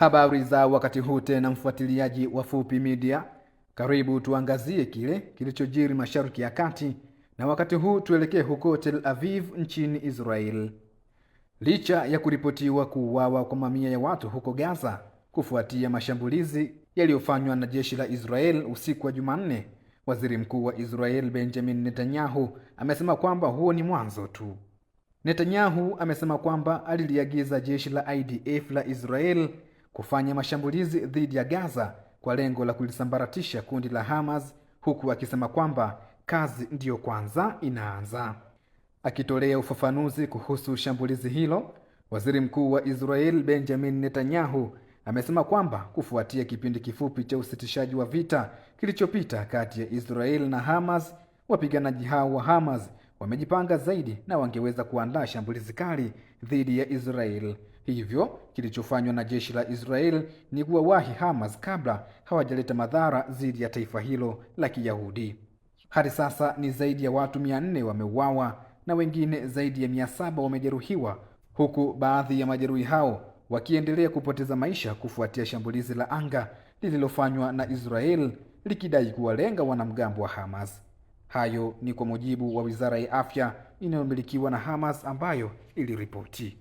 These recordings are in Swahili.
Habari za wakati huu tena, mfuatiliaji wa Fupi Media, karibu tuangazie kile kilichojiri Mashariki ya Kati, na wakati huu tuelekee huko Tel Aviv nchini Israel. Licha ya kuripotiwa kuuawa kwa mamia ya watu huko Gaza kufuatia mashambulizi yaliyofanywa na jeshi la Israel usiku wa Jumanne, waziri mkuu wa Israel Benjamin Netanyahu amesema kwamba huo ni mwanzo tu. Netanyahu amesema kwamba aliliagiza jeshi la IDF la Israel kufanya mashambulizi dhidi ya Gaza kwa lengo la kulisambaratisha kundi la Hamas, huku akisema kwamba kazi ndiyo kwanza inaanza. Akitolea ufafanuzi kuhusu shambulizi hilo, waziri mkuu wa Israel Benjamin Netanyahu amesema kwamba kufuatia kipindi kifupi cha usitishaji wa vita kilichopita kati ya Israel na Hamas, wapiganaji hao wa Hamas wamejipanga zaidi na wangeweza kuandaa shambulizi kali dhidi ya Israel. Hivyo kilichofanywa na jeshi la Israel ni kuwawahi Hamas kabla hawajaleta madhara dhidi ya taifa hilo la Kiyahudi. Hadi sasa ni zaidi ya watu 4 wameuawa na wengine zaidi ya 7 wamejeruhiwa, huku baadhi ya majeruhi hao wakiendelea kupoteza maisha kufuatia shambulizi la anga lililofanywa na Israel likidai kuwalenga wanamgambo wa Hamas. Hayo ni kwa mujibu wa wizara ya afya inayomilikiwa na Hamas ambayo iliripoti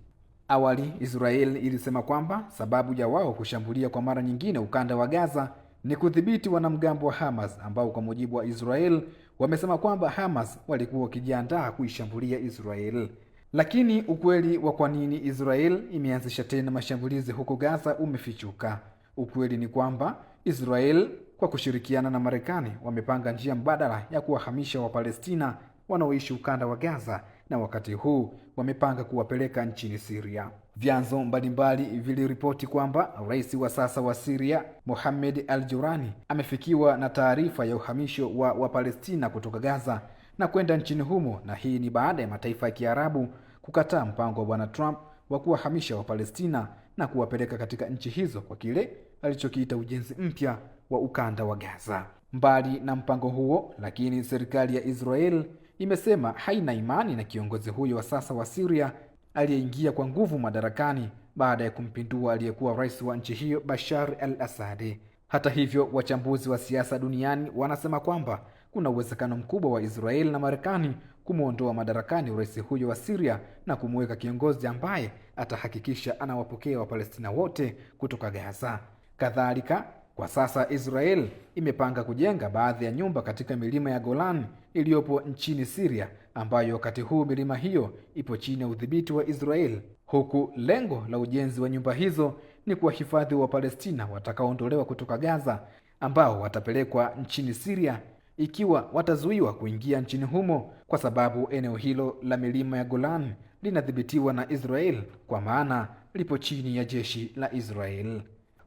awali. Israel ilisema kwamba sababu ya wao kushambulia kwa mara nyingine ukanda wa Gaza ni kudhibiti wanamgambo wa Hamas ambao kwa mujibu wa Israel wamesema kwamba Hamas walikuwa wakijiandaa kuishambulia Israel. Lakini ukweli wa kwa nini Israel imeanzisha tena mashambulizi huko Gaza umefichuka. Ukweli ni kwamba Israel kwa kushirikiana na Marekani wamepanga njia mbadala ya kuwahamisha Wapalestina wanaoishi ukanda wa Gaza na wakati huu wamepanga kuwapeleka nchini Syria. Vyanzo mbalimbali viliripoti kwamba rais wa sasa wa Syria, Mohamed al-Jurani, amefikiwa na taarifa ya uhamisho wa Wapalestina kutoka Gaza na kwenda nchini humo, na hii ni baada ya mataifa ya Kiarabu kukataa mpango wa Bwana Trump wa kuwahamisha Wapalestina na kuwapeleka katika nchi hizo kwa kile alichokiita ujenzi mpya wa ukanda wa Gaza. Mbali na mpango huo, lakini serikali ya Israel imesema haina imani na kiongozi huyo wa sasa wa Syria aliyeingia kwa nguvu madarakani baada ya kumpindua aliyekuwa rais wa nchi hiyo Bashar al-Assad. Hata hivyo, wachambuzi wa siasa duniani wanasema kwamba kuna uwezekano mkubwa wa Israel na Marekani kumwondoa madarakani rais huyo wa Syria na kumweka kiongozi ambaye atahakikisha anawapokea Wapalestina wote kutoka Gaza. Kadhalika, kwa sasa Israel imepanga kujenga baadhi ya nyumba katika milima ya Golan iliyopo nchini Siria, ambayo wakati huu milima hiyo ipo chini ya udhibiti wa Israel, huku lengo la ujenzi wa nyumba hizo ni kuwahifadhi Wapalestina watakaoondolewa kutoka Gaza ambao watapelekwa nchini Siria ikiwa watazuiwa kuingia nchini humo kwa sababu eneo hilo la milima ya Golan linadhibitiwa na Israel kwa maana lipo chini ya jeshi la Israel.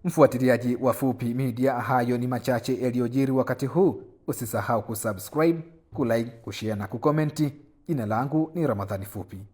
Mfuatiliaji wa Fupi Media, hayo ni machache yaliyojiri wakati huu. Usisahau kusubscribe, kulike, kushare na kukomenti. Jina langu ni Ramadhani Fupi.